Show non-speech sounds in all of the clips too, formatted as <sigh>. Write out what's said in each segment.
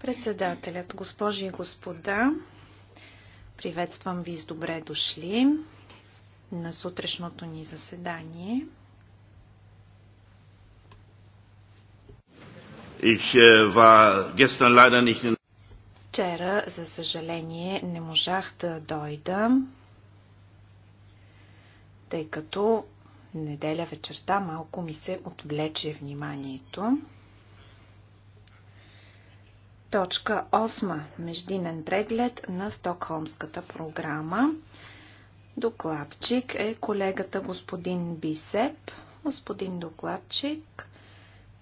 Председателят, госпожи и господа, приветствам ви с добре дошли на сутрешното ни заседание. Ich war gestern leider nicht in... Вчера, за съжаление, не можах да дойда, тъй като неделя вечерта малко ми се отвлече вниманието. Точка 8. Междинен преглед на Стокхолмската програма. Докладчик е колегата господин Бисеп. Господин докладчик,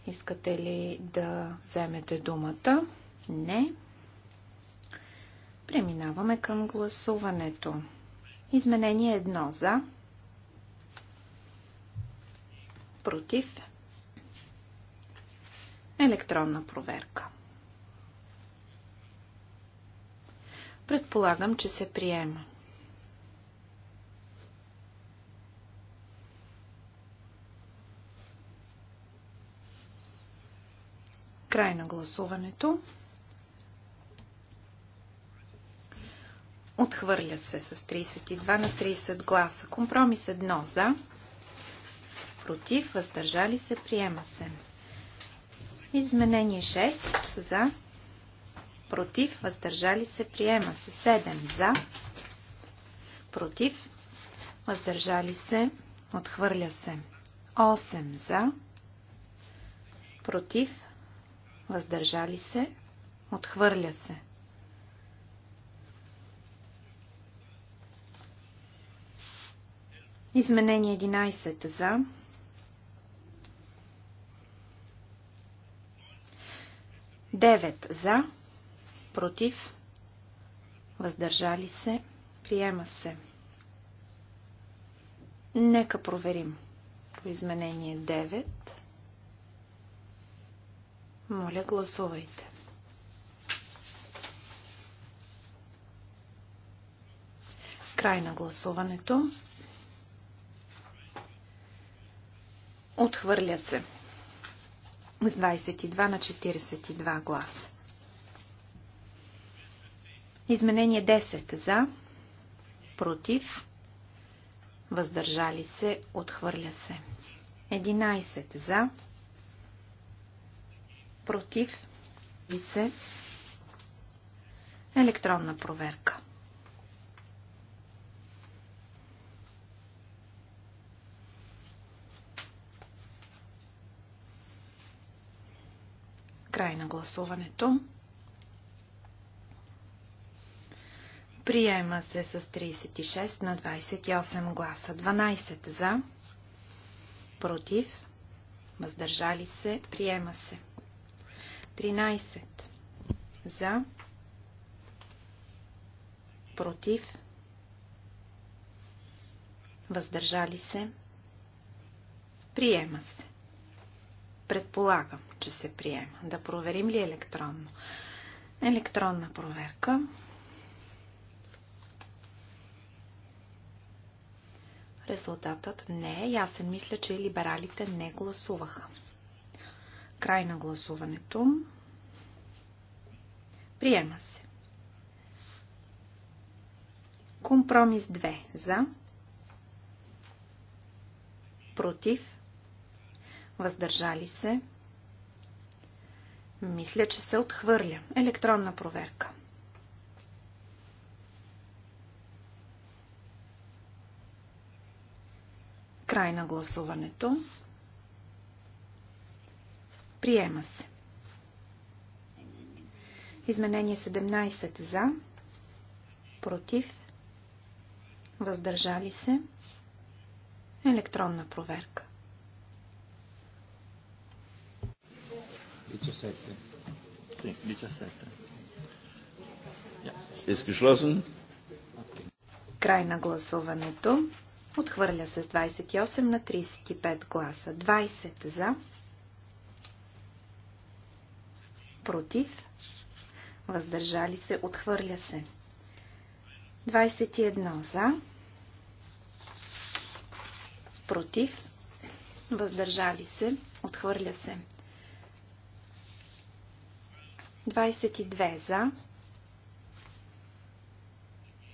искате ли да вземете думата? Не. Преминаваме към гласуването. Изменение 1 за. Против. Електронна проверка. Предполагам, че се приема. Край на гласуването. Отхвърля се с 32 на 30 гласа. Компромис 1 за. Против, въздържали се, приема се. Изменение 6 за против, въздържали се, приема се. 7 за, против, въздържали се, отхвърля се. 8 за, против, въздържали се, отхвърля се. Изменение 11 за, Девет за, против, въздържали се, приема се. Нека проверим по изменение 9. Моля, гласувайте. Край на гласуването. Отхвърля се с 22 на 42 гласа. Изменение 10 за, против, въздържали се, отхвърля се. 11 за, против и се електронна проверка. Край на гласуването. Приема се с 36 на 28 гласа. 12 за, против, въздържали се, приема се. 13 за, против, въздържали се, приема се. Предполагам, че се приема. Да проверим ли електронно. Електронна проверка. Резултатът не е ясен. Мисля, че либералите не гласуваха. Край на гласуването. Приема се. Компромис 2. За. Против. Въздържали се. Мисля, че се отхвърля. Електронна проверка. Край на гласуването. Приема се. Изменение 17 за, против, въздържали се, електронна проверка. Край на гласуването. Отхвърля се с 28 на 35 гласа. 20 за. Против. Въздържали се. Отхвърля се. 21 за. Против. Въздържали се. Отхвърля се. 22 за.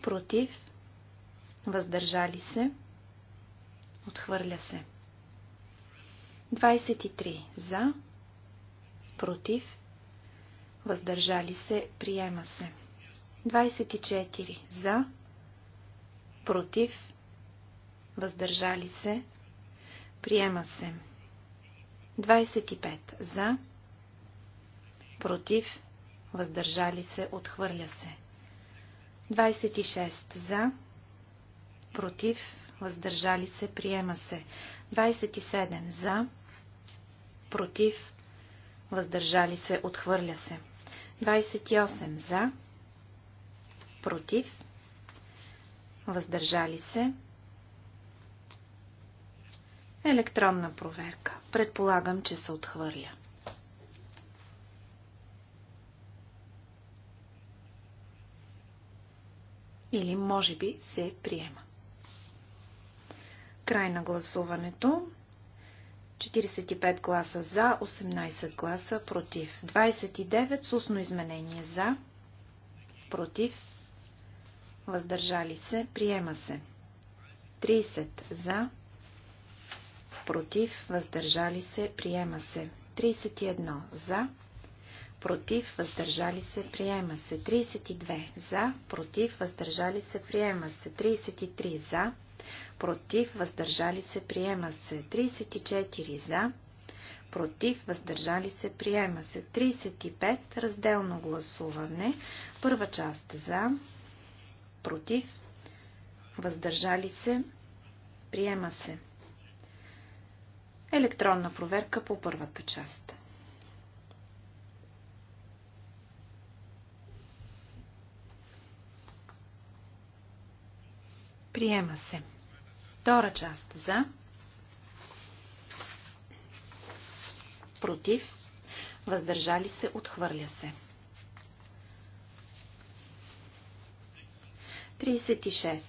Против. Въздържали се. Отхвърля се. 23. За. Против. Въздържали се. Приема се. 24. За. Против. Въздържали се. Приема се. 25. За. Против. Въздържали се. Отхвърля се. 26. За. Против въздържали се, приема се. 27 за, против, въздържали се, отхвърля се. 28 за, против, въздържали се. Електронна проверка. Предполагам, че се отхвърля. Или може би се приема. Край на гласуването. 45 гласа за, 18 гласа против. 29 с устно изменение за, против, въздържали се, приема се. 30 за, против, въздържали се, приема се. 31 за, против, въздържали се, приема се. 32 за, против, въздържали се, приема се. 33 за, против, въздържали се, приема се. 34 за, против, въздържали се, приема се. 35 разделно гласуване, първа част за, против, въздържали се, приема се. Електронна проверка по първата част. Приема се. Втора част за. Против. Въздържали се. Отхвърля се. 36.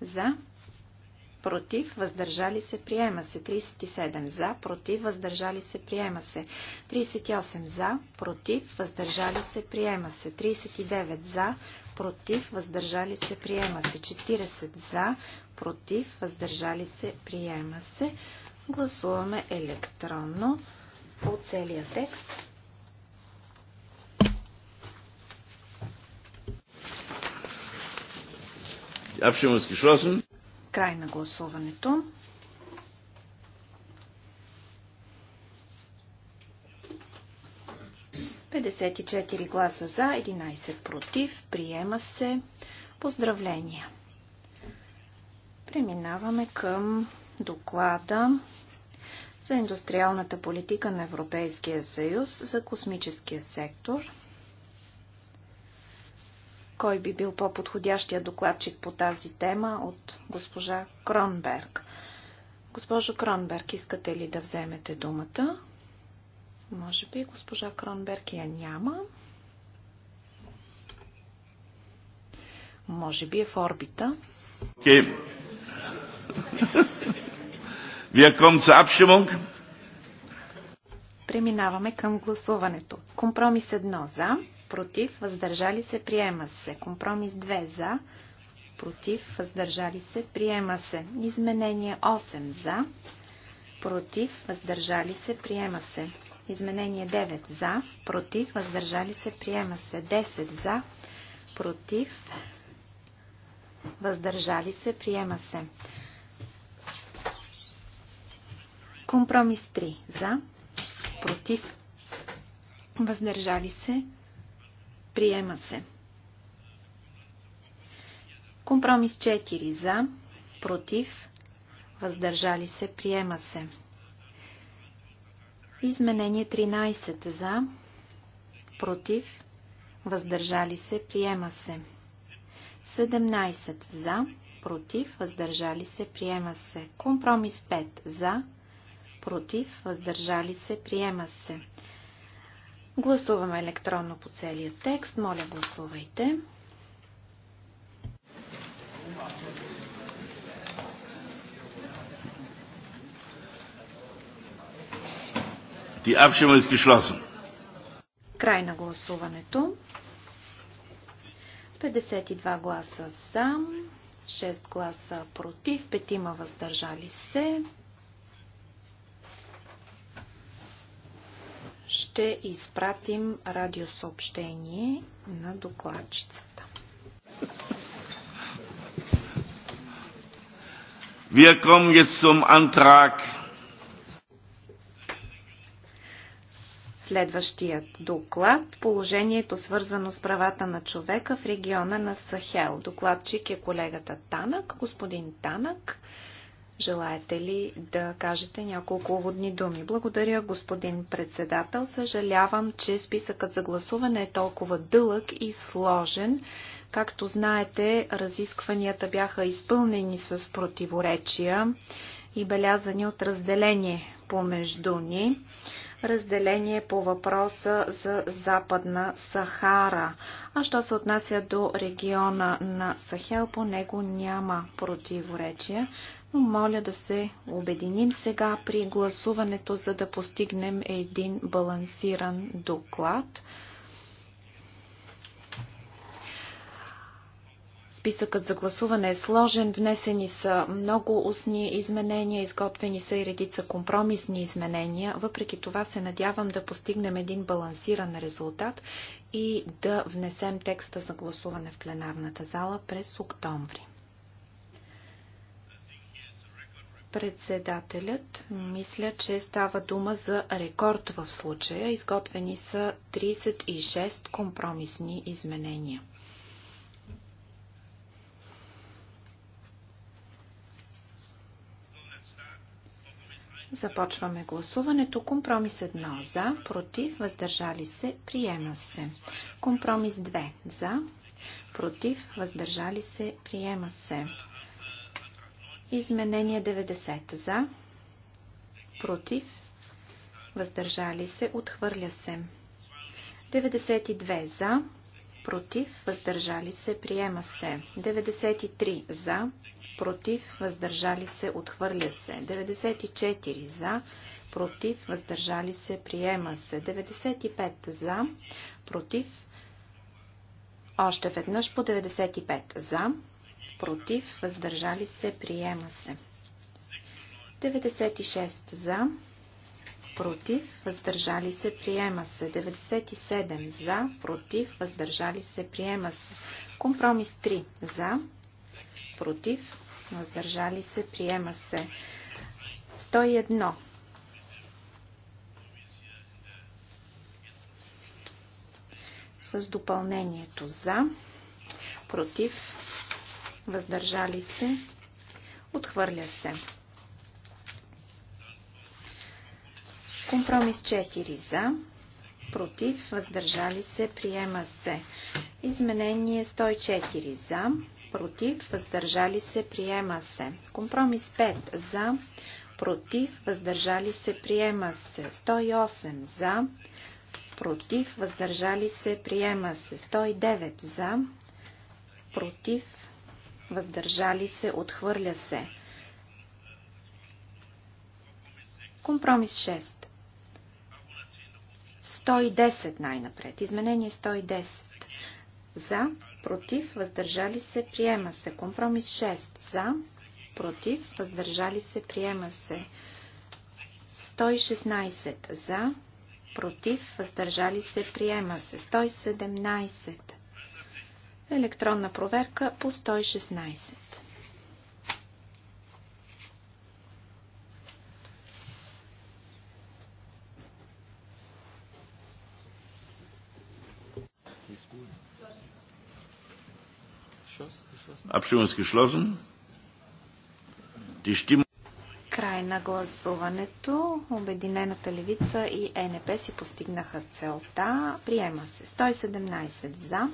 За против, въздържали се, приема се. 37 за, против, въздържали се, приема се. 38 за, против, въздържали се, приема се. 39 за, против, въздържали се, приема се. 40 за, против, въздържали се, приема се. Гласуваме електронно по целия текст. Abstimmung ist geschlossen. Край на гласуването. четири гласа за, 11 против. Приема се. Поздравления! Преминаваме към доклада за индустриалната политика на Европейския съюз за космическия сектор – кой би бил по-подходящия докладчик по тази тема от госпожа Кронберг? Госпожо Кронберг, искате ли да вземете думата? Може би госпожа Кронберг я няма. Може би е в орбита. Okay. Wir kommen zur Преминаваме към гласуването. Компромис едно за против, въздържали се, приема се. Компромис 2 за, против, въздържали се, приема се. Изменение 8 за, против, въздържали се, приема се. Изменение 9 за, против, въздържали се, приема се. 10 за, против, въздържали се, приема се. Компромис 3 за, против, въздържали се, Приема се. Компромис 4 за, против, въздържали се, приема се. Изменение 13 за, против, въздържали се, приема се. 17 за, против, въздържали се, приема се. Компромис 5 за, против, въздържали се, приема се. Гласуваме електронно по целия текст. Моля, гласувайте. Ти апшема ist Край на гласуването. 52 гласа за, 6 гласа против, 5 въздържали се. ще изпратим радиосъобщение на докладчицата. Wir kommen jetzt zum Antrag. Следващият доклад – положението свързано с правата на човека в региона на Сахел. Докладчик е колегата Танък. Господин Танък, Желаете ли да кажете няколко уводни думи? Благодаря, господин председател. Съжалявам, че списъкът за гласуване е толкова дълъг и сложен. Както знаете, разискванията бяха изпълнени с противоречия и белязани от разделение помежду ни разделение по въпроса за Западна Сахара. А що се отнася до региона на Сахел, по него няма противоречия, но моля да се обединим сега при гласуването, за да постигнем един балансиран доклад. Списъкът за гласуване е сложен, внесени са много устни изменения, изготвени са и редица компромисни изменения. Въпреки това се надявам да постигнем един балансиран резултат и да внесем текста за гласуване в пленарната зала през октомври. председателят. Мисля, че става дума за рекорд в случая. Изготвени са 36 компромисни изменения. Започваме гласуването. Компромис 1 за, против, въздържали се, приема се. Компромис 2 за, против, въздържали се, приема се. Изменение 90 за, против, въздържали се, отхвърля се. 92 за, против, въздържали се, приема се. 93 за, против, въздържали се, отхвърля се. 94 за, против, въздържали се, приема се. 95 за, против, още веднъж по 95 за, против, въздържали се, приема се. 96 за, против, въздържали се, приема се. 97 за, против, въздържали се, приема се. Компромис 3 за, против, въздържали се, приема се. 101. С допълнението за, против, въздържали се, отхвърля се. Компромис 4 за, против, въздържали се, приема се. Изменение 104 за, против, въздържали се, приема се. Компромис 5 за, против, въздържали се, приема се. 108 за, против, въздържали се, приема се. 109 за, против, въздържали се, отхвърля се. Компромис 6. 110 най-напред. Изменение 110. За, против, въздържали се, приема се. Компромис 6. За, против, въздържали се, приема се. 116. За, против, въздържали се, приема се. 117. Електронна проверка по 116. Abstimmung ist geschlossen. Die Stimmung край на гласуването Обединената левица и ЕНП си постигнаха целта. Приема се 117 за,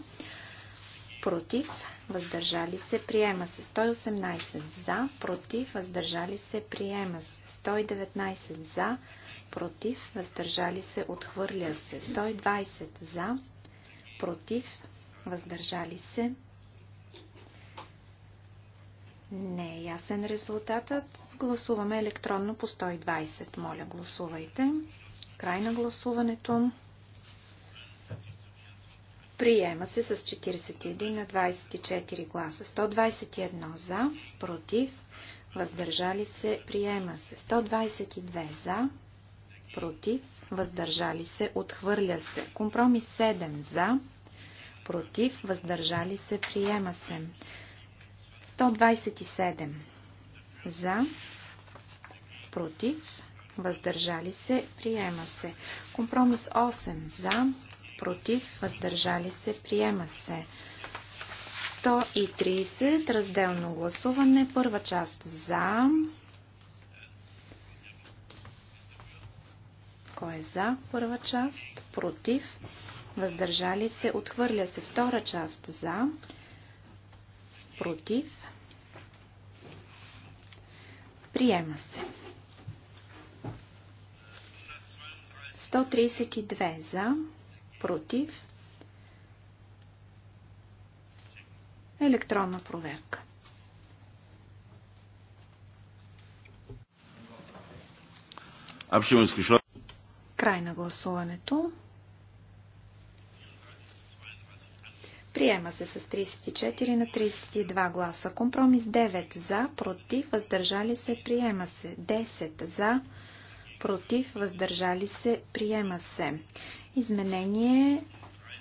против, въздържали се, приема се 118 за, против, въздържали се, приема се 119 за, против, въздържали се, отхвърля се 120 за, против, въздържали се, не е ясен резултатът. Гласуваме електронно по 120. Моля, гласувайте. Край на гласуването. Приема се с 41 на 24 гласа. 121 за, против, въздържали се, приема се. 122 за, против, въздържали се, отхвърля се. Компромис 7 за, против, въздържали се, приема се. 127 за, против, въздържали се, приема се. Компромис 8 за, против, въздържали се, приема се. 130 разделно гласуване, първа част за. Кой е за първа част? Против. Въздържали се, отхвърля се втора част за. Против Приема се. 132 за, против, електронна проверка. Край на гласуването. Приема се с 34 на 32 гласа. Компромис 9 за, против, въздържали се, приема се. 10 за, против, въздържали се, приема се. Изменение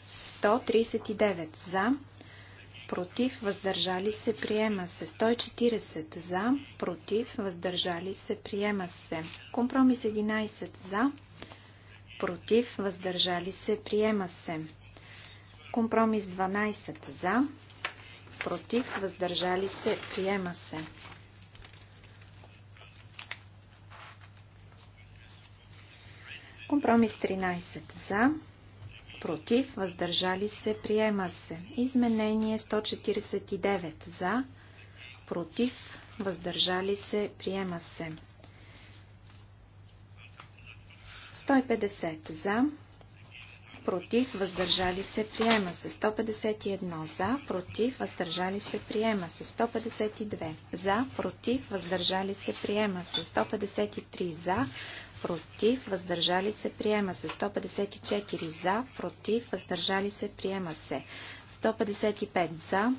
139 за, против, въздържали се, приема се. 140 за, против, въздържали се, приема се. Компромис 11 за, против, въздържали се, приема се. Компромис 12 за, против, въздържали се, приема се. Компромис 13 за, против, въздържали се, приема се. Изменение 149 за, против, въздържали се, приема се. 150 за, против, въздържали се, приема се. 151 за, против, въздържали се, приема се. 152 за, против, въздържали се, приема се. 153 за, против, въздържали се, приема се. 154 за, против, въздържали се, приема се. 155 за,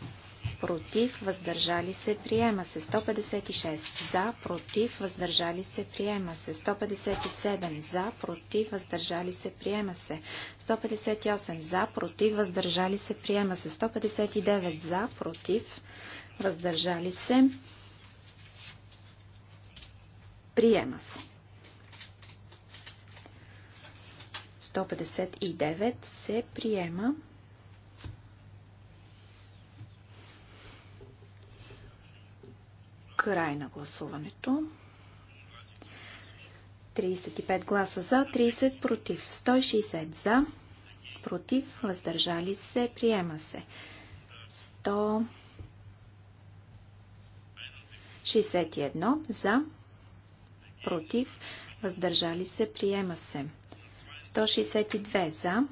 против, въздържали се, приема се. 156 за, против, въздържали се, приема се. 157 за, против, въздържали се, приема се. 158 за, против, въздържали се, приема се. 159 за, против, въздържали се, приема се. 159 се приема. Край на гласуването. 35 гласа за, 30 против, 160 за, против, въздържали се, приема се. 161 за, против, въздържали се, приема се. 162 за,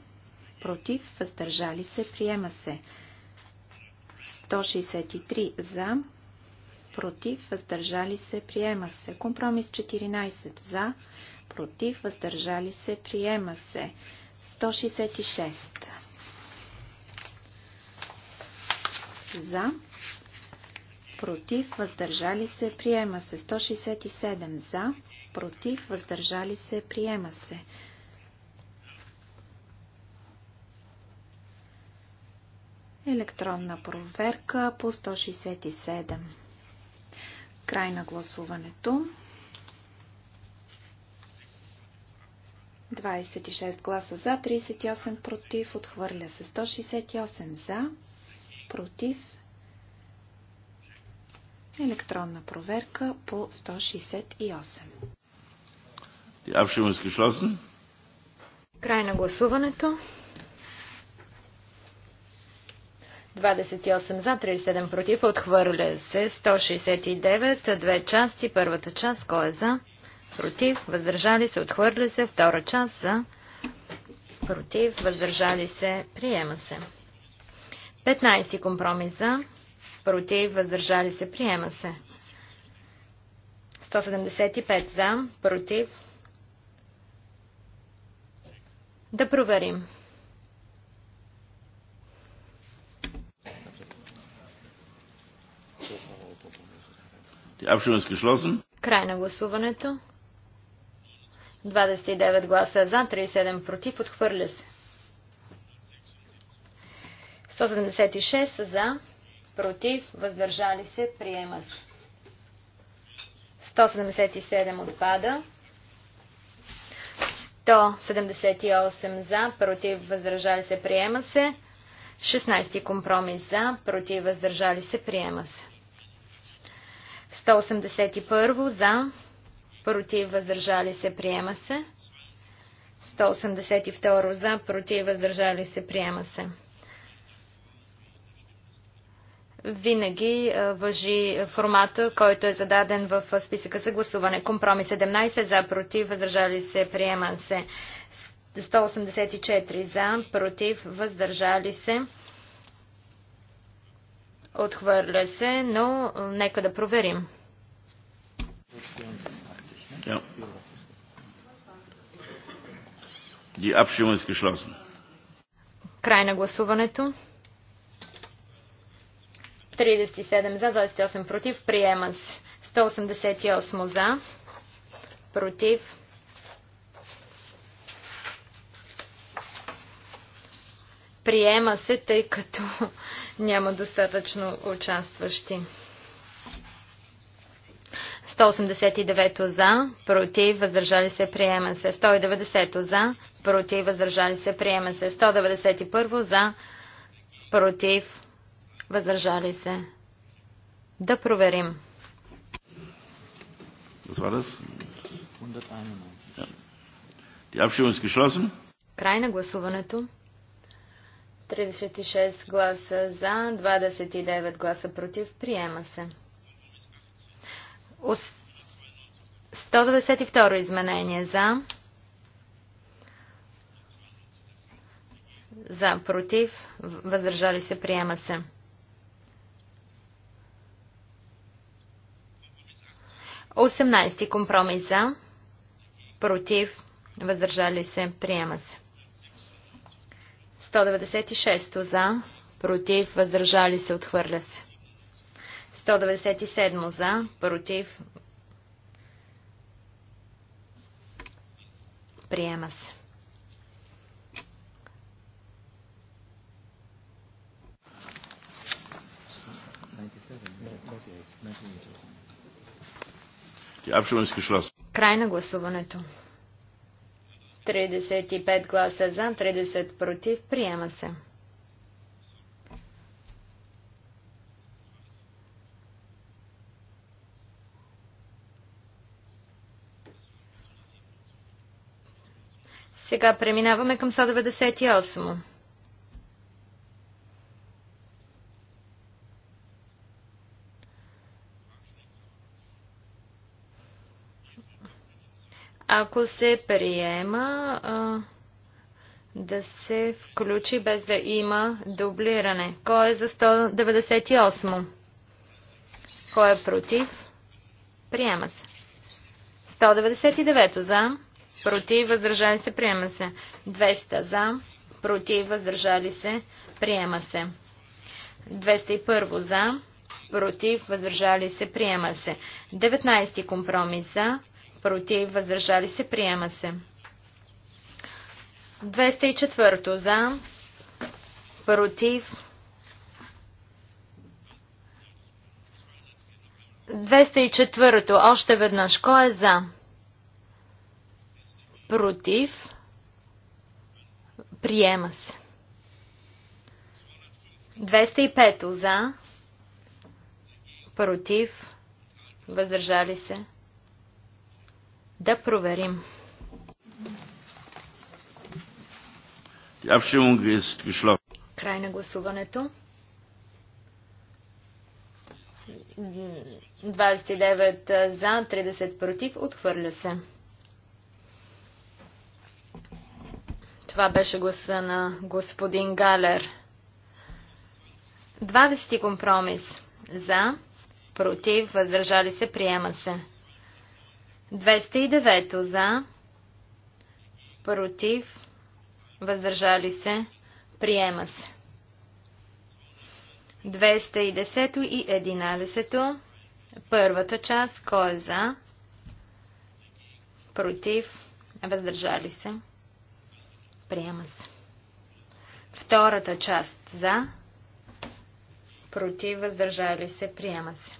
против, въздържали се, приема се. 163 за, против, въздържали се, приема се. Компромис 14 за, против, въздържали се, приема се. 166 за, против, въздържали се, приема се. 167 за, против, въздържали се, приема се. Електронна проверка по 167. Край на гласуването. 26 гласа за, 38 против, отхвърля се 168 за, против, електронна проверка по 168. Край на гласуването. 28 за, 37 против. Отхвърля се 169, две части. Първата част, кой е за? Против. Въздържали се, отхвърля се. Втора част за. Против. Въздържали се, приема се. 15 компромис за. Против. Въздържали се, приема се. 175 за. Против. Да проверим. Край на гласуването. 29 гласа за, 37 против, отхвърля се. 176 за, против, въздържали се, приема се. 177 отпада. 178 за, против, въздържали се, приема се. 16 компромис за, против, въздържали се, приема се. 181 за, против, въздържали се, приема се. 182 за, против, въздържали се, приема се. Винаги въжи формата, който е зададен в списъка за гласуване. Компромис 17 за, против, въздържали се, приема се. 184 за, против, въздържали се, се. Отхвърля се, но нека да проверим. Край на гласуването. 37 за, 28 против. Приема се. 188 за, против. Приема се, тъй като <laughs> няма достатъчно участващи. 189 за, против, въздържали се, приема се. 190 за, против, въздържали се, приема се. 191 за, против, въздържали се. Да проверим. Die Abstimmung ist geschlossen. Край на гласуването. 36 гласа за, 29 гласа против. Приема се. 192 изменение за. За, против, въздържали се, приема се. Осемнайсти компромис за, против, въздържали се, приема се. 196 за, против, въздържали се, отхвърля се. 197 за, против, приема се. Край на гласуването. 35 гласа за, 30 против. Приема се. Сега преминаваме към 198. ако се приема а, да се включи без да има дублиране. Кой е за 198? Кой е против? Приема се. 199 за, против, въздържали се, приема се. 200 за, против, въздържали се, приема се. 201 за, против, въздържали се, приема се. 19 компромис за, против, въздържали се, приема се. 204 за, против, 204 още веднъж, кой е за? Против, приема се. 205 за, против, въздържали се. Да проверим. Край на гласуването. 29 за, 30 против. Отхвърля се. Това беше гласа на господин Галер. 20 компромис. За, против, въздържали се, приема се. 209 за, против, въздържали се, приема се. 210 и 11, първата част, кой е за, против, въздържали се, приема се. Втората част за, против, въздържали се, приема се.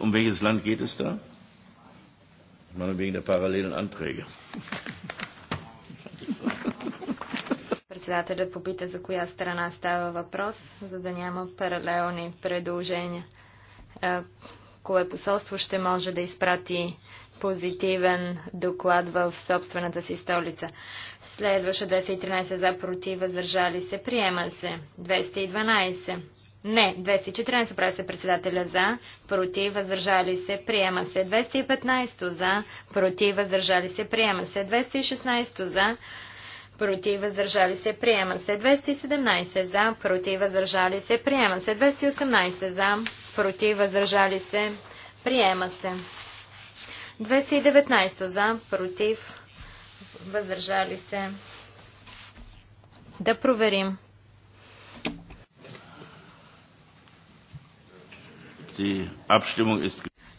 Um welches Land geht es da? Ich meine wegen der parallelen Anträge. Председателят попита за коя страна става въпрос, за да няма паралелни предложения. Е, кое посолство ще може да изпрати позитивен доклад в собствената си столица. Следваше 213 за против, въздържали се, приема се. 212 не, 214 прави се председателя за, против, въздържали се, приема се. 215 за, против, въздържали се, приема се. 216 за, против, въздържали се, приема се. 217 за, против, въздържали се, приема се. 218 за, против, въздържали се, приема се. 219 за, против, въздържали се. Да проверим.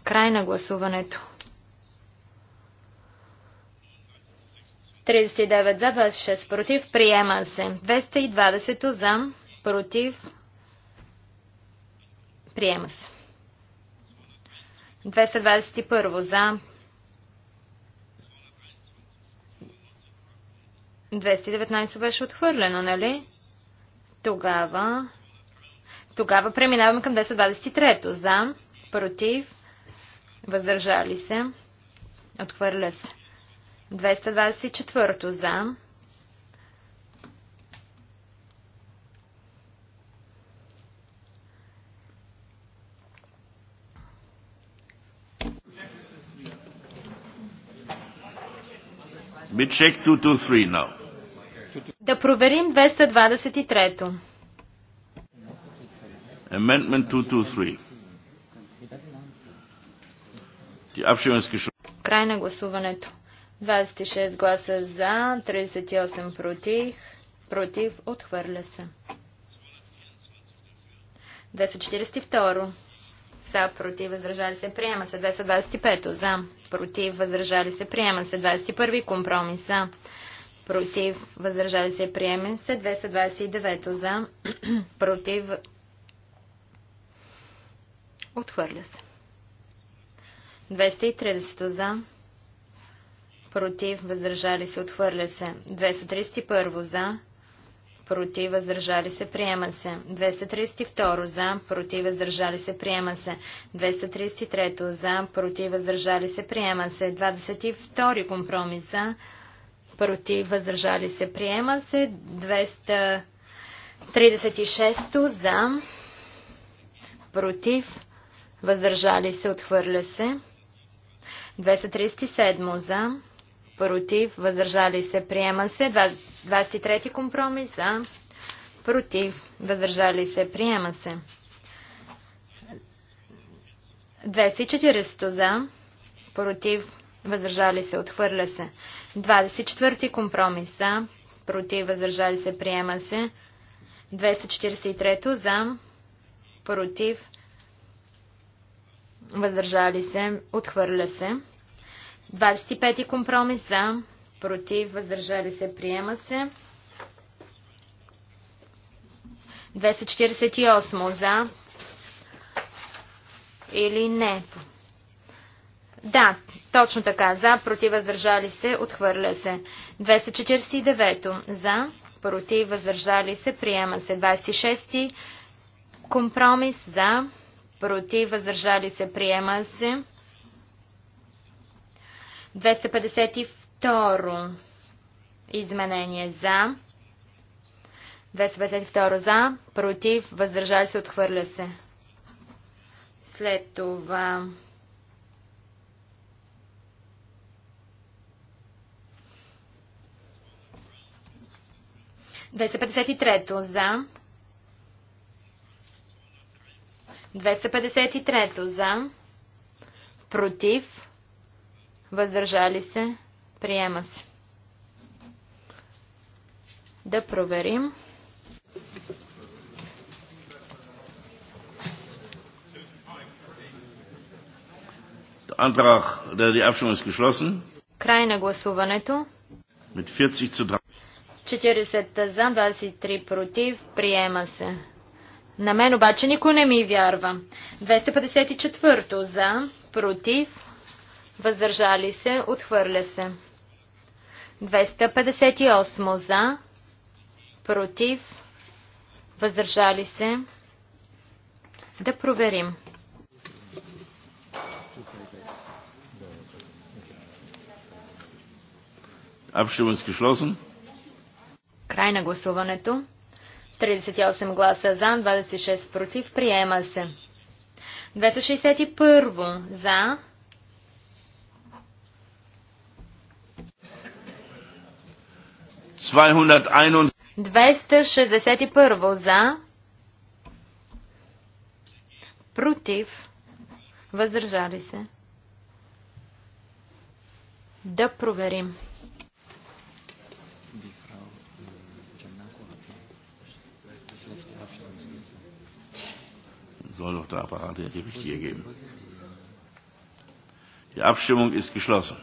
Край на гласуването. 39 за, 26 против. Приема се. 220 за, против. Приема се. 221 за. 219 беше отхвърлено, нали? Тогава тогава преминаваме към 10.23. За, против, въздържали се, отхвърля се. 224. За, now. Да проверим 223-то. Amendment 223. Край на гласуването. 26 гласа за, 38 против, против, отхвърля се. 242. За, против, въздържали се, приема се. 225. За, против, въздържали се, приема се. 21. Компромис. За, против, въздържали се, приема се. 229. За, <clears throat> против, Отхвърля се. 230 за. Против. Въздържали се. Отхвърля се. 231 за. Против. Въздържали се. Приема се. 232 за. Против. Въздържали се. Приема се. 233 за. Против. Въздържали се. Приема се. 22 компромис за. Против. Въздържали се. Приема се. 236 за. Против въздържали се, отхвърля се. 237 за, против, въздържали се, приема се. 23 компромис за, против, въздържали се, приема се. 240 за, против, въздържали се, отхвърля се. 24 компромис за, против, въздържали се, приема се. 243 за, против, въздържали се, отхвърля се. 25 компромис за, против, въздържали се, приема се. 248 за или не. Да, точно така. За, против, въздържали се, отхвърля се. 249 за, против, въздържали се, приема се. 26 компромис за, против, въздържали се, приема се. 252 изменение за. 252 за, против, въздържали се, отхвърля се. След това Двеста за, 253 за, против, въздържали се, приема се. Да проверим. Антрах, да die Abstimmung ist geschlossen. Край на гласуването. 40 за, 23 против, приема се. На мен обаче никой не ми вярва. 254 за, против, въздържали се, отхвърля се. 258 за, против, въздържали се. Да проверим. Abstimmung ist Край на гласуването. 38 гласа за, 26 против. Приема се. 261 за. 261 за, против, въздържали се. Да проверим. soll doch der Apparat ja die richtige geben. Die Abstimmung ist geschlossen.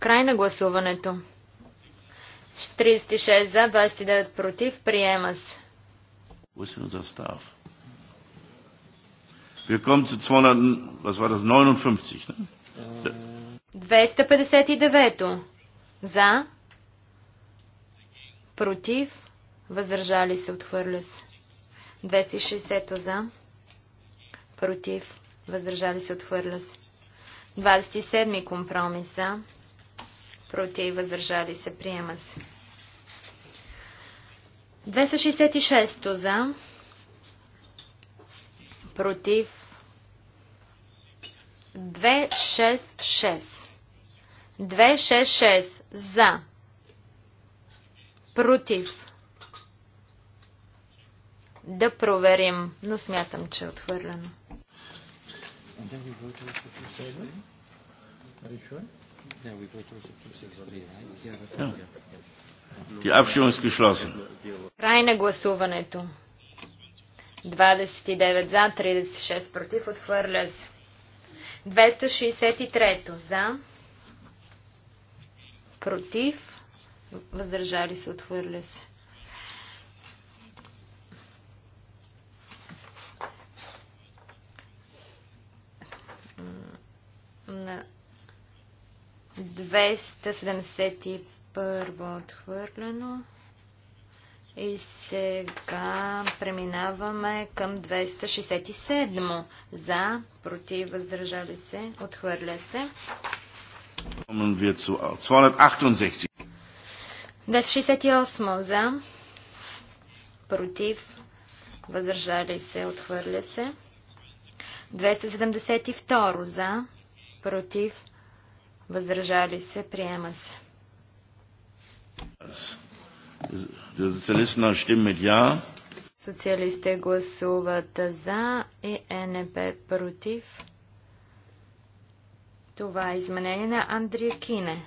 Край на гласуването. 36 за, 29 против. Приема се. Wo ist denn unser Staff? Wir kommen zu 200, was war das, 59, ne? 259 за, против, въздържали се, отхвърля се. 260 за, против, въздържали се, отхвърля се. 27 компромиса. против, въздържали се, приема се. 266 за, против, 266. 266 за, против, да проверим, но смятам, че е отхвърлено. Край на гласуването. 29 за, 36 против, отхвърля се. 263 за, против, въздържали се, отхвърля се. на 271 отхвърлено. И сега преминаваме към 267. За, против, въздържали се, отхвърля се. 268 за, против, въздържали се, отхвърля се. 272 за, против, въздържали се, приема се. Социалистите гласуват за и НП против. Това е изменение на Андрия Кине.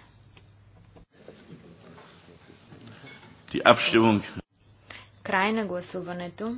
Край на гласуването.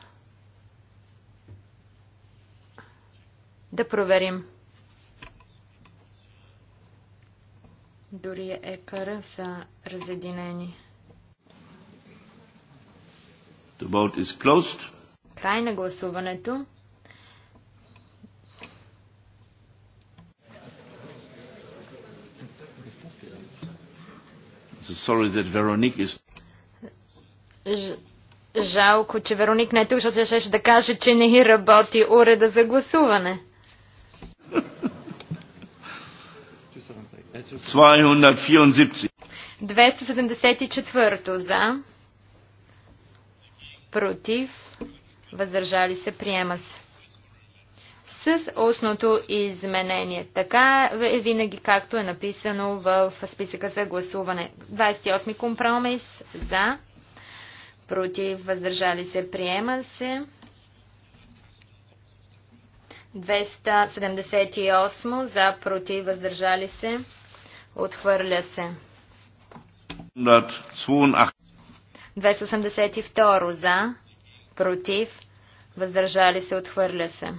Да проверим. Дори екара са разединени. The vote is closed. Край на гласуването. So sorry that Veronique is... Жалко, че Вероник не е тук, защото ще да каже, че не работи уреда за гласуване. 274. за. Против. Въздържали се. Приема се. С устното изменение. Така е винаги както е написано в списъка за гласуване. 28 компромис. За. Против. Въздържали се. Приема се. 278 за против въздържали се. Отхвърля се. 282 за, против, въздържали се, отхвърля се.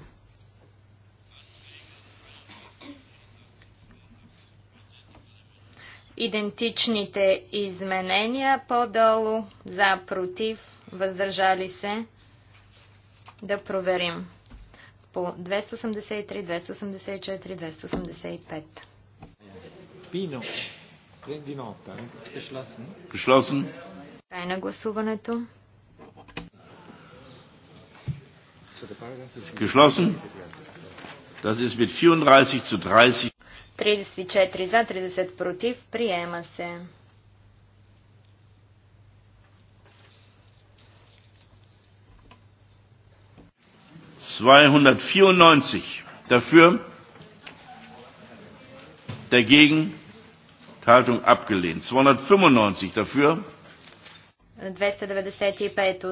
Идентичните изменения по-долу, за, против, въздържали се, да проверим. По 283, 284, 285. Пино. Geschlossen. гласуването. Geschlossen. Das ist mit 34 zu 30. 34 за, 30 против. Приема се. Zweihundertvierundneunzig dafür, dagegen Enthaltung abgelehnt. 295 dafür.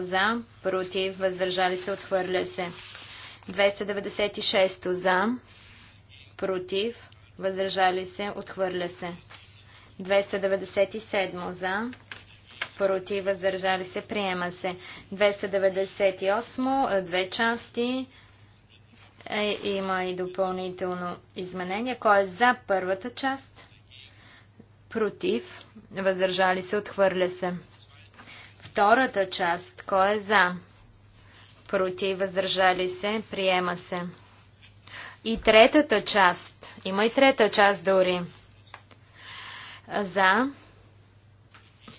за, против, въздържали се, отхвърля се. 296 за, против, въздържали се, отхвърля се. 297 за, против, въздържали се, приема се. 298, две части. Е, има и допълнително изменение. Кой е за първата част? против, въздържали се, отхвърля се. Втората част, кой е за, против, въздържали се, приема се. И третата част, има и трета част дори. За,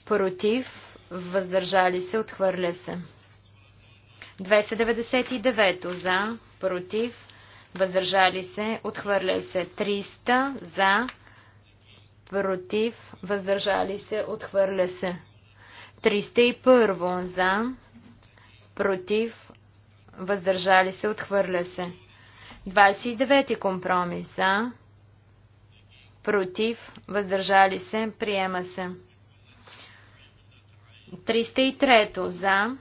против, въздържали се, отхвърля се. 299 за, против, въздържали се, отхвърля се. 300 за, против, въздържали се, отхвърля се. 301 за, против, въздържали се, отхвърля се. 29 компромис за, против, въздържали се, приема се. 303 за,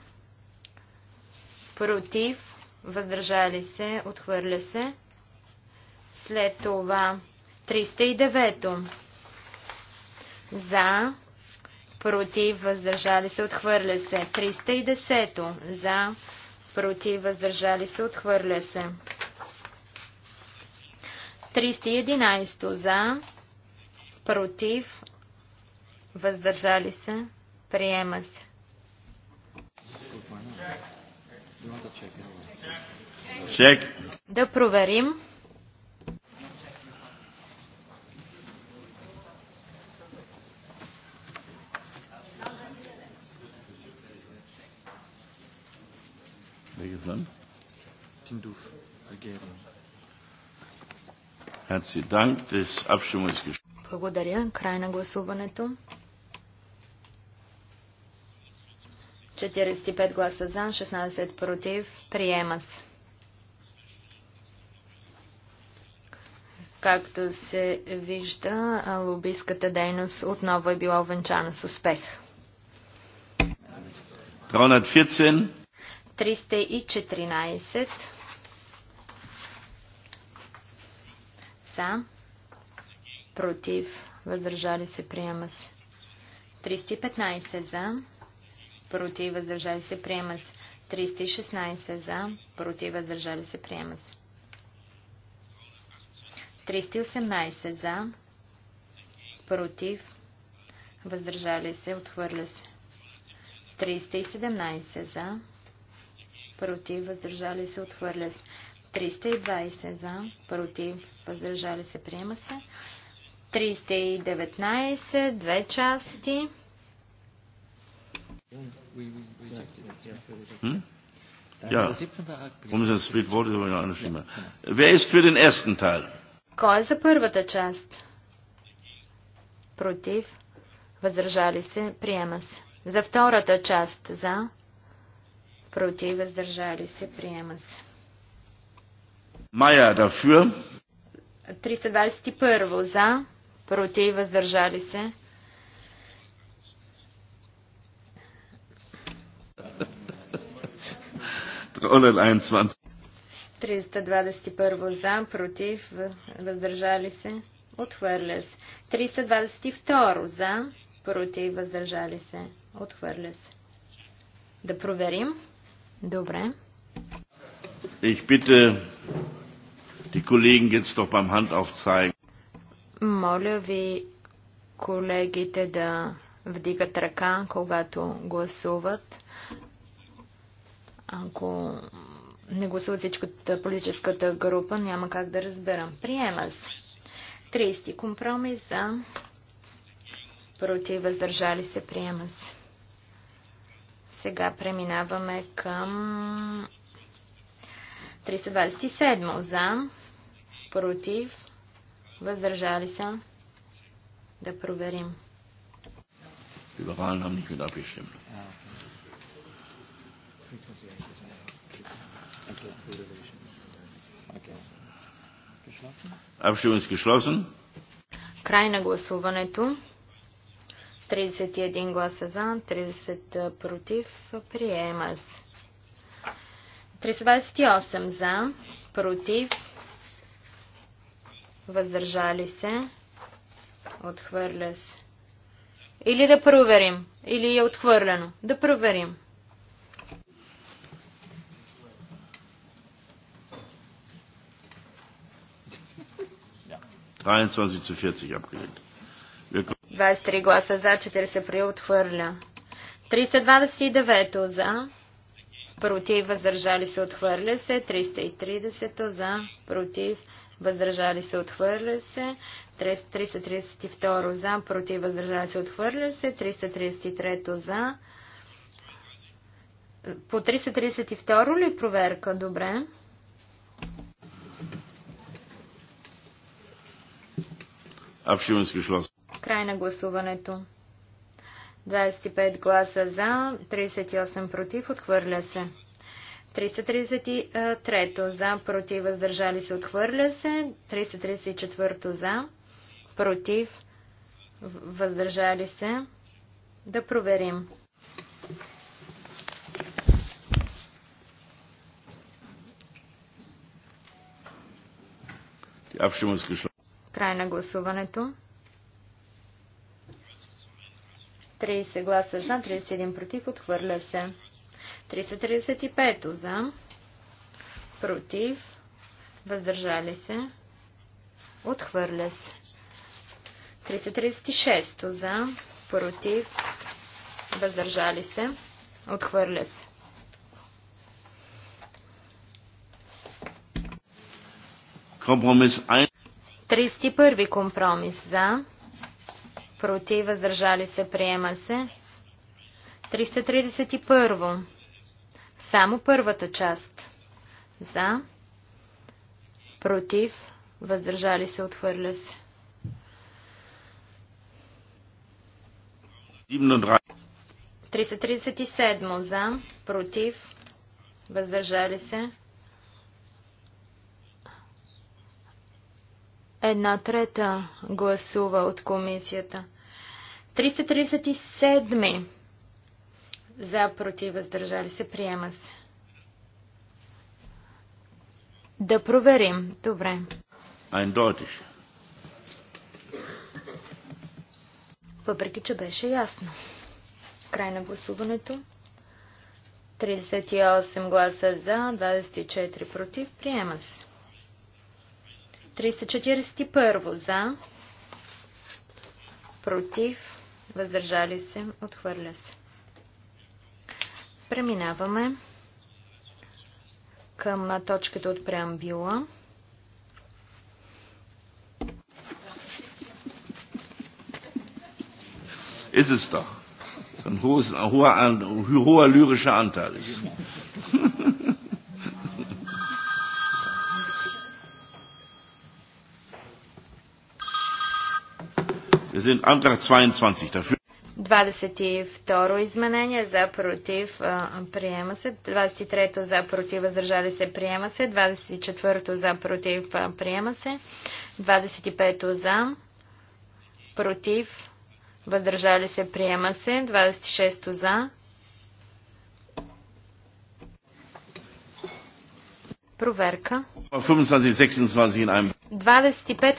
против, въздържали се, отхвърля се. След това 309 за, против, въздържали се, отхвърля се. 310 за, против, въздържали се, отхвърля се. 311 за, против, въздържали се, приема се. Чек. Да проверим. Благодаря. Край на гласуването. 45 гласа за, 16 против. Приема се. Както се вижда, лобистката дейност отново е била овенчана с успех. 314. 314. за, против, въздържали се, приема се. 315 за, против, въздържали се, приема се. 316 за, против, въздържали се, приема се. 318 за, против, въздържали се, отхвърля се. 317 за, против, въздържали се, отхвърля се. 320 за, против, въздържали се, приема се. 319, две части. Ja, um das Bild wollte ich eine Stimme. Wer ist für den ersten Teil? Кой е за първата част? Против. Въздържали се. Приема се. За втората част. За. Против. Въздържали се. Приема се. Майя дафюр. 321 за, против, въздържали се. Rolle 21. 321 за, против, въздържали се, отхвърля се. 322 за, против, въздържали се, отхвърля се. Да проверим. Добре. Ich bitte die Kollegen jetzt doch beim Handaufzeigen. Моля ви, колегите, да вдигат ръка, когато гласуват. Ако не гласуват всичката политическата група, няма как да разберам. Приема се. 30 компромис за против въздържали се. Приема се. Сега преминаваме към 327 за против, въздържали са. Да проверим. Liberalen haben nicht mit abgestimmt. Abstimmung ist geschlossen. Край на гласуването. 31 гласа за, 30 против. Приема се. 328 за, против, въздържали се, отхвърля се. Или да проверим, или е отхвърлено. Да проверим. zu 40 23 гласа за, 40 при отхвърля. 329 за, против, въздържали се, отхвърля се. 330 за, против, въздържали се, отхвърля се. 332 за, против, въздържали се, отхвърля се. 333 за. По 332 ли проверка? Добре. Край на гласуването. 25 гласа за, 38 против, отхвърля се. 333 за, против, въздържали се, отхвърля се. 334 за, против, въздържали се. Да проверим. Край на гласуването. 30 гласа за, 31 против, отхвърля се. 335 за, против, въздържали се, отхвърля се. 336 за, против, въздържали се, отхвърля се. Компромис 31 компромис за, против, въздържали се, приема се. 331 само първата част. За, против, въздържали се, отхвърля се. 337 за, против, въздържали се. Една трета гласува от комисията. 337. За, против, въздържали се, приема се. Да проверим. Добре. Eindeutig. Въпреки, че беше ясно. Край на гласуването. 38 гласа за, 24 против. Приема се. 341 за, против, въздържали се, отхвърля се. Преминаваме към точката от преамбюла. Ist es doch. Ein hohes, ein hoher, ein hoher lyrischer Anteil ist. Wir sind Antrag 22 dafür. 22 изменение за против приема се. 23 за против въздържали се приема се. 24 за против приема се. 25 за против въздържали се приема се. 26 за проверка. 25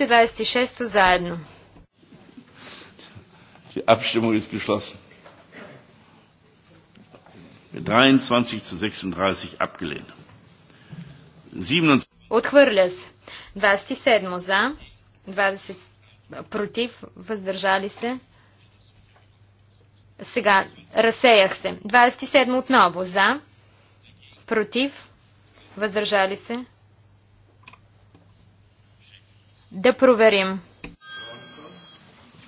и 26 заедно. Die Abstimmung ist geschlossen. Mit 23 zu 36 abgelehnt. 27. Отхвърля се. 27 за, 20 против, въздържали се. Сега разсеях се. 27 отново за, против, въздържали се. Да проверим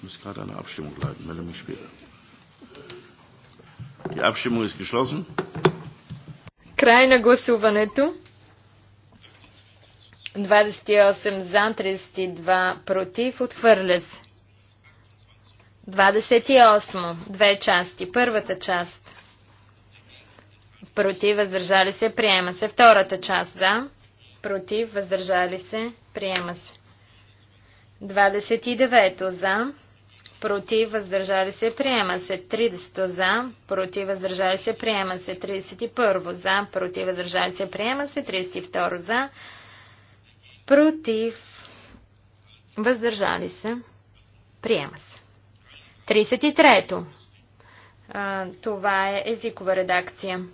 muss gerade eine Abstimmung leiten, melde mich später. Die Abstimmung ist geschlossen. Край на гласуването. 28 за, 32 против, отхвърля се. 28. Две части. Първата част. Против, въздържали се, приема се. Втората част за. Против, въздържали се, приема се. 29. За против, въздържали се, приема се 30 за, против, въздържали се, приема се 31 за, против, въздържали се, приема се 32 за, против, въздържали се, приема се. 33-то. Това е езикова редакция.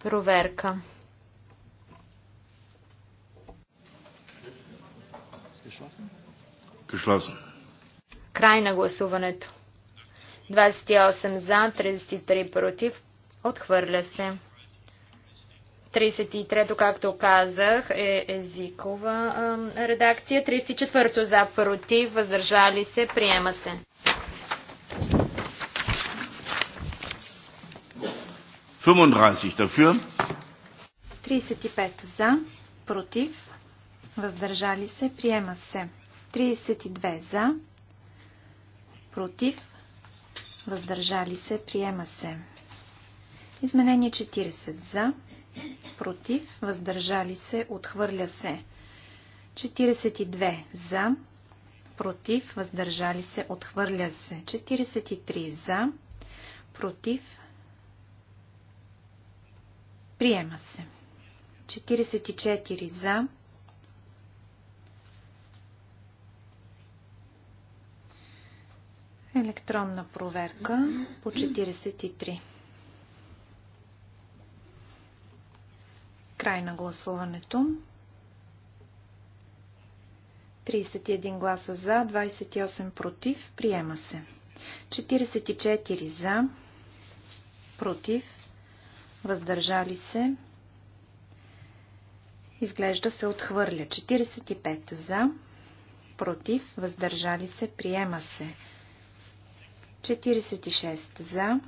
Проверка. Geschlossen. Край на гласуването. 28 за, 33 против. Отхвърля се. 33-то, както казах, е езикова е, редакция. 34-то за, против, въздържали се, приема се. Dafür. 35 за, против, въздържали се, приема се. 32 за, против, въздържали се, приема се. Изменение 40 за, против, въздържали се, отхвърля се. 42 за, против, въздържали се, отхвърля се. 43 за, против, приема се. 44 за, Електронна проверка по 43. Край на гласуването. 31 гласа за, 28 против. Приема се. 44 за, против, въздържали се. Изглежда се отхвърля. 45 за, против, въздържали се, приема се. 46 за,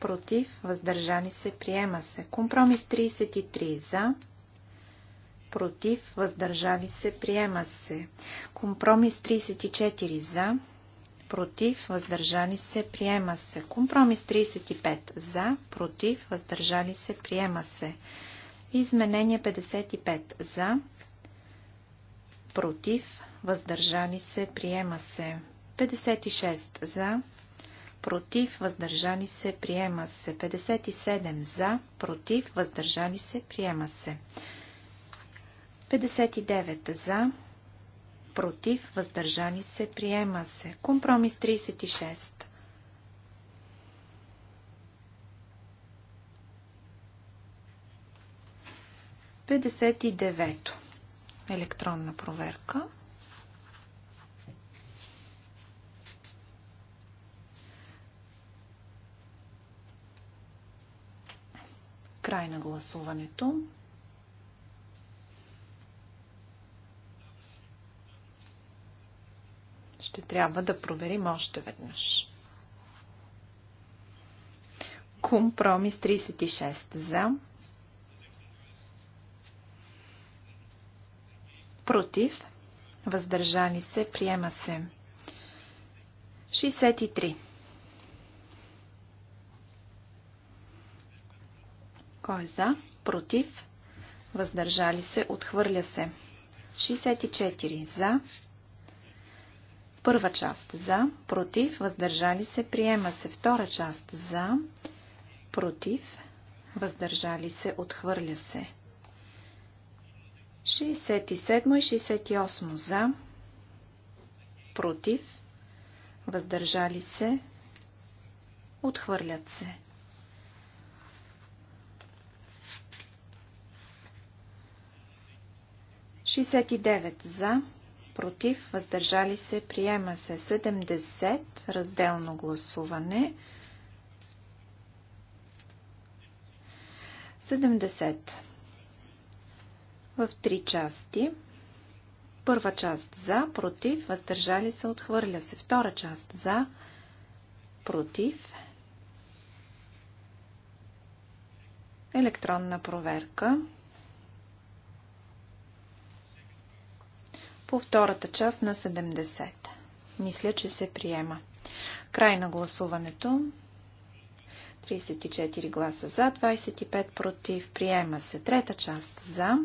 против, въздържани се, приема се. Компромис 33 за, против, въздържали се, приема се. Компромис 34 за, против, въздържани се, приема се. Компромис 35 за, против, въздържали се, приема се. Изменение 55 за, против, въздържани се, приема се. 56 за, против, въздържани се, приема се. 57 за, против, въздържани се, приема се. 59 за, против, въздържани се, приема се. Компромис 36. Петдесет и девето. Електронна проверка. Край на гласуването. Ще трябва да проверим още веднъж. Компромис 36 за. Против. Въздържани се. Приема се. 63. Кой е за? Против? Въздържали се? Отхвърля се. 64. За. Първа част. За. Против. Въздържали се. Приема се. Втора част. За. Против. Въздържали се. Отхвърля се. 67 и 68. За. Против. Въздържали се. Отхвърлят се. 69 за, против, въздържали се, приема се 70, разделно гласуване. 70 в три части. Първа част за, против, въздържали се, отхвърля се. Втора част за, против. Електронна проверка. по втората част на 70. Мисля, че се приема. Край на гласуването. 34 гласа за, 25 против. Приема се трета част за.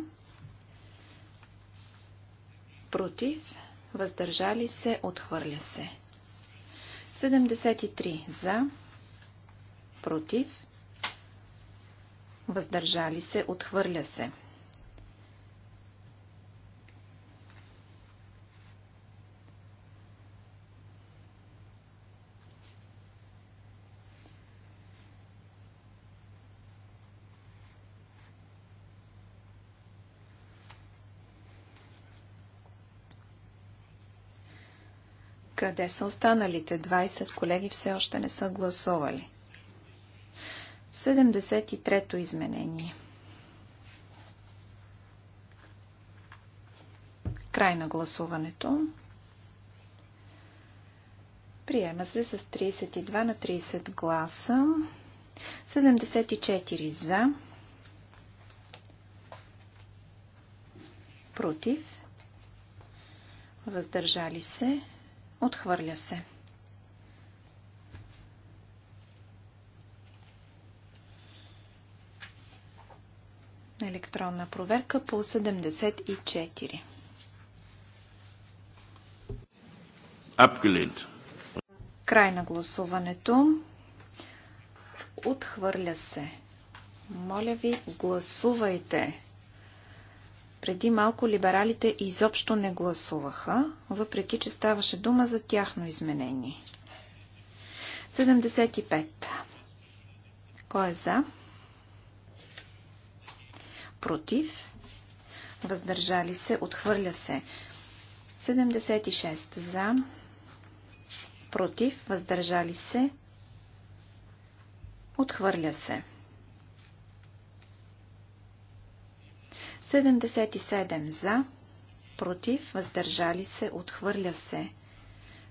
Против. Въздържали се. Отхвърля се. 73 за. Против. Въздържали се. Отхвърля се. Къде са останалите? 20 колеги все още не са гласували. 73-то изменение. Край на гласуването. Приема се с 32 на 30 гласа. 74 за. Против. Въздържали се. Отхвърля се. Електронна проверка по 74. Abgelehnt. Край на гласуването. Отхвърля се. Моля ви, гласувайте преди малко либералите изобщо не гласуваха, въпреки че ставаше дума за тяхно изменение. 75. Кой е за? Против? Въздържали се? Отхвърля се. 76. За? Против? Въздържали се? Отхвърля се. 77 за, против, въздържали се, отхвърля се.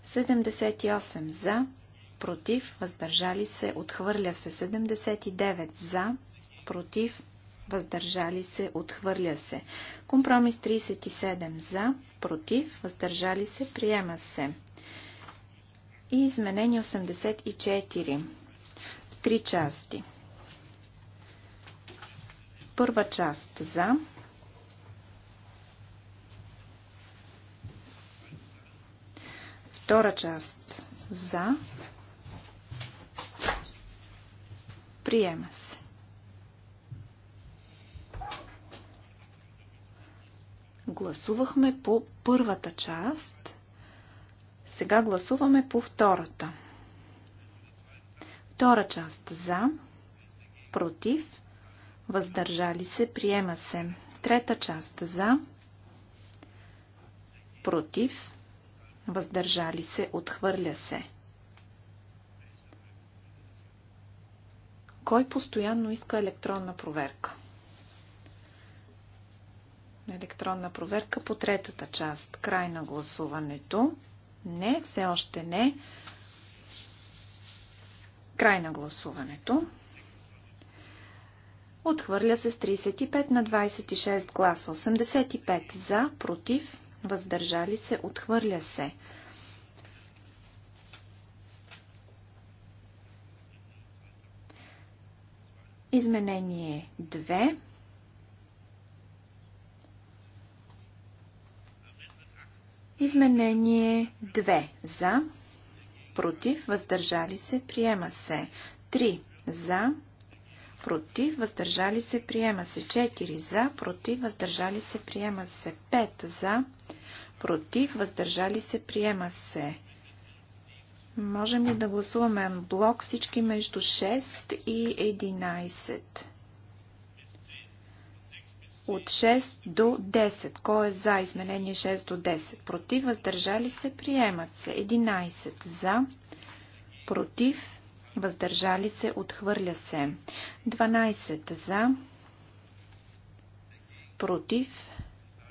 78 за, против, въздържали се, отхвърля се. 79 за, против, въздържали се, отхвърля се. Компромис 37 за, против, въздържали се, приема се. И изменение 84 в три части. Първа част за, Втора част за. Приема се. Гласувахме по първата част. Сега гласуваме по втората. Втора част за, против, въздържали се, приема се. Трета част за, против, въздържали се, отхвърля се. Кой постоянно иска електронна проверка? Електронна проверка по третата част. Край на гласуването. Не, все още не. Край на гласуването. Отхвърля се с 35 на 26 гласа. 85 за, против, въздържали се, отхвърля се. Изменение 2. Изменение 2. За. Против. Въздържали се. Приема се. 3. За. Против. Въздържали се. Приема се. 4. За. Против. Въздържали се. Приема се. 5. За против, въздържали се, приема се. Можем ли да гласуваме блок всички между 6 и 11? От 6 до 10. Кой е за изменение 6 до 10? Против, въздържали се, приемат се. 11 за, против, въздържали се, отхвърля се. 12 за, против,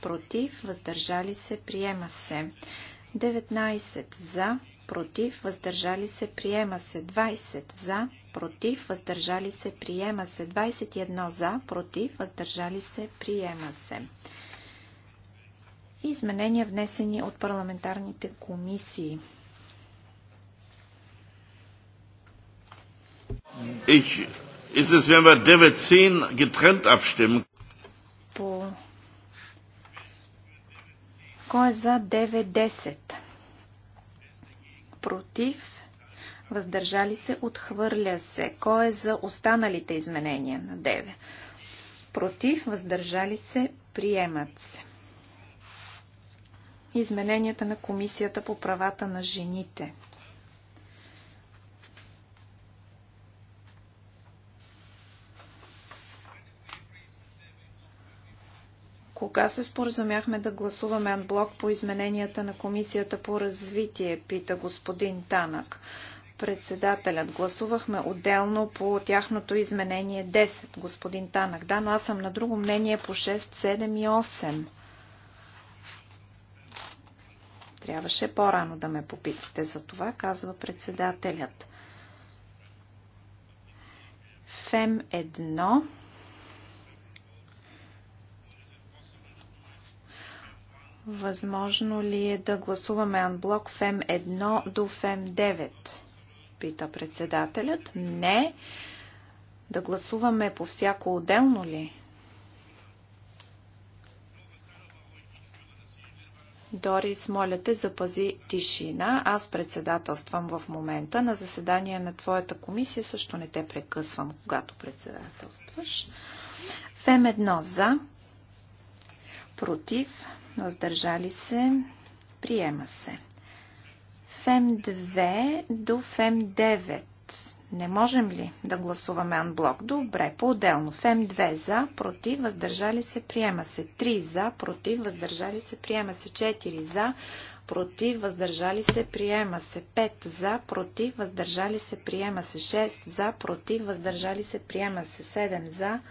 против, въздържали се, приема се. 19 за, против, въздържали се, приема се. 20 за, против, въздържали се, приема се. 21 за, против, въздържали се, приема се. И изменения внесени от парламентарните комисии. Ich, ist es, wenn wir 19 getrennt abstimmen? По кой е за 9-10? Против. Въздържали се. Отхвърля се. Кой е за останалите изменения на 9? Против. Въздържали се. Приемат се. Измененията на Комисията по правата на жените. Кога се споразумяхме да гласуваме анблок по измененията на Комисията по развитие, пита господин Танък. Председателят. Гласувахме отделно по тяхното изменение 10, господин Танък. Да, но аз съм на друго мнение по 6, 7 и 8. Трябваше по-рано да ме попитате за това, казва председателят. Фем 1 Възможно ли е да гласуваме анблок ФЕМ 1 до ФЕМ 9? Пита председателят. Не. Да гласуваме по всяко отделно ли? Дорис, моля те, запази тишина. Аз председателствам в момента. На заседание на твоята комисия също не те прекъсвам, когато председателстваш. ФЕМ 1 за, против, въздържали се, приема се. Фем 2 до Фем 9. Не можем ли да гласуваме анблок? Добре, по-отделно. Фем 2 за, против, въздържали се, приема се. 3 за, против, въздържали се, приема се. 4 за, против, въздържали се, приема се. 5 за, против, въздържали се, приема се. 6 за, против, въздържали се, приема се. 7 за, против,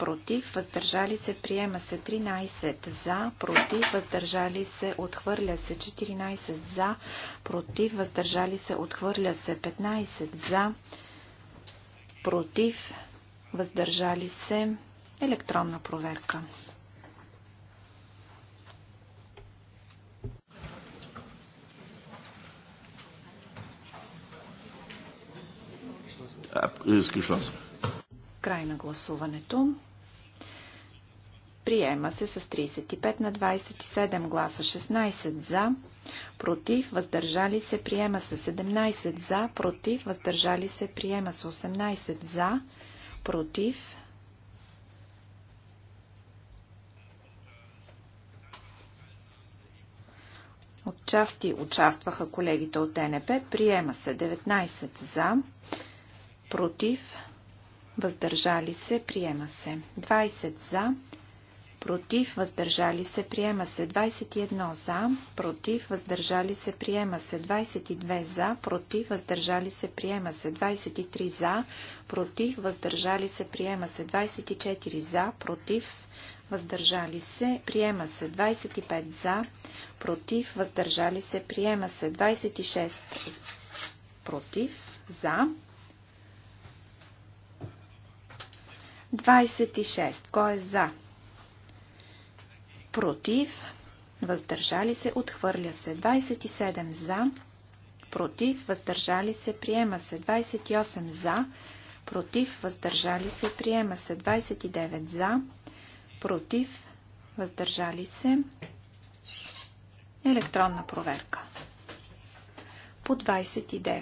против, въздържали се, приема се 13 за, против, въздържали се, отхвърля се 14 за, против, въздържали се, отхвърля се 15 за, против, въздържали се, електронна проверка. Край на гласуването. Приема се с 35 на 27 гласа, 16 за, против, въздържали се, приема се 17 за, против, въздържали се, приема се 18 за, против. Отчасти участваха колегите от НП. Приема се 19 за, против, въздържали се, приема се 20 за, против, въздържали се, приема се 21 за, против, въздържали се, приема се 22 за, против, въздържали се, приема се 23 за, против, въздържали се, приема се 24 за, против, въздържали се, приема се 25 за, против, въздържали се, приема се 26 против, за, 26. Кой е за? против, въздържали се, отхвърля се. 27 за, против, въздържали се, приема се. 28 за, против, въздържали се, приема се. 29 за, против, въздържали се. Електронна проверка. По 29.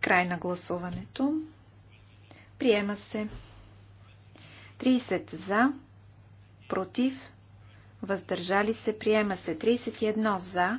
Край на гласуването. Приема се. 30 за, против, въздържали се, приема се. 31 за,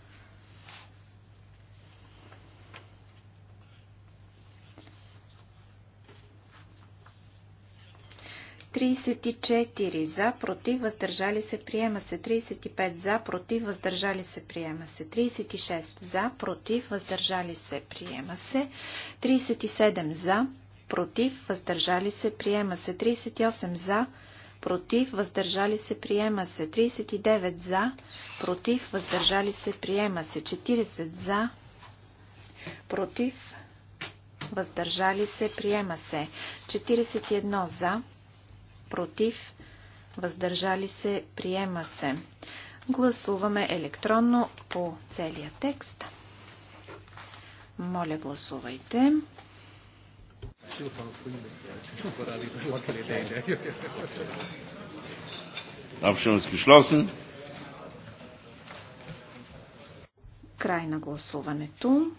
34 за, против, въздържали се, приема се. 35 за, против, въздържали се, приема се. 36 за, против, въздържали се, приема се. 37 за, против, въздържали се, приема се. 38 за, против, въздържали се, приема се. 39 за, против, въздържали се, приема се. 40 за, против, въздържали се, приема се. 41 за, против, въздържали се, приема се. Гласуваме електронно по целия текст. Моля, гласувайте. Край на гласуването.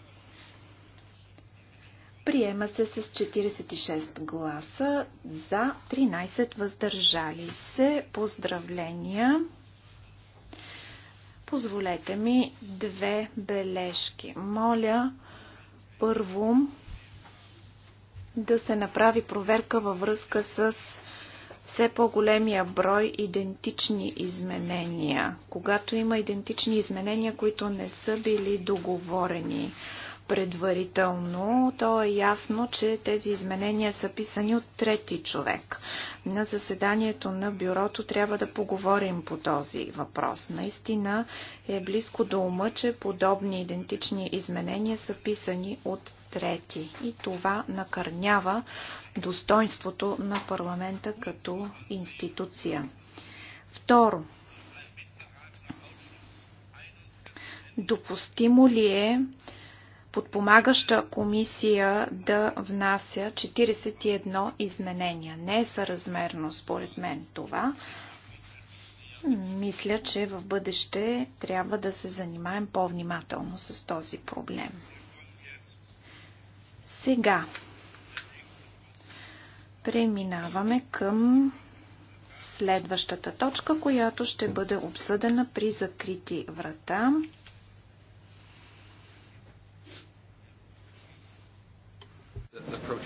Приема се с 46 гласа за 13 въздържали се. Поздравления! Позволете ми две бележки. Моля, първо да се направи проверка във връзка с все по-големия брой идентични изменения. Когато има идентични изменения, които не са били договорени предварително, то е ясно, че тези изменения са писани от трети човек. На заседанието на бюрото трябва да поговорим по този въпрос. Наистина е близко до ума, че подобни идентични изменения са писани от трети. И това накърнява достоинството на парламента като институция. Второ, допустимо ли е подпомагаща комисия да внася 41 изменения. Не е съразмерно според мен това. Мисля, че в бъдеще трябва да се занимаем по-внимателно с този проблем. Сега преминаваме към следващата точка, която ще бъде обсъдена при закрити врата. the pro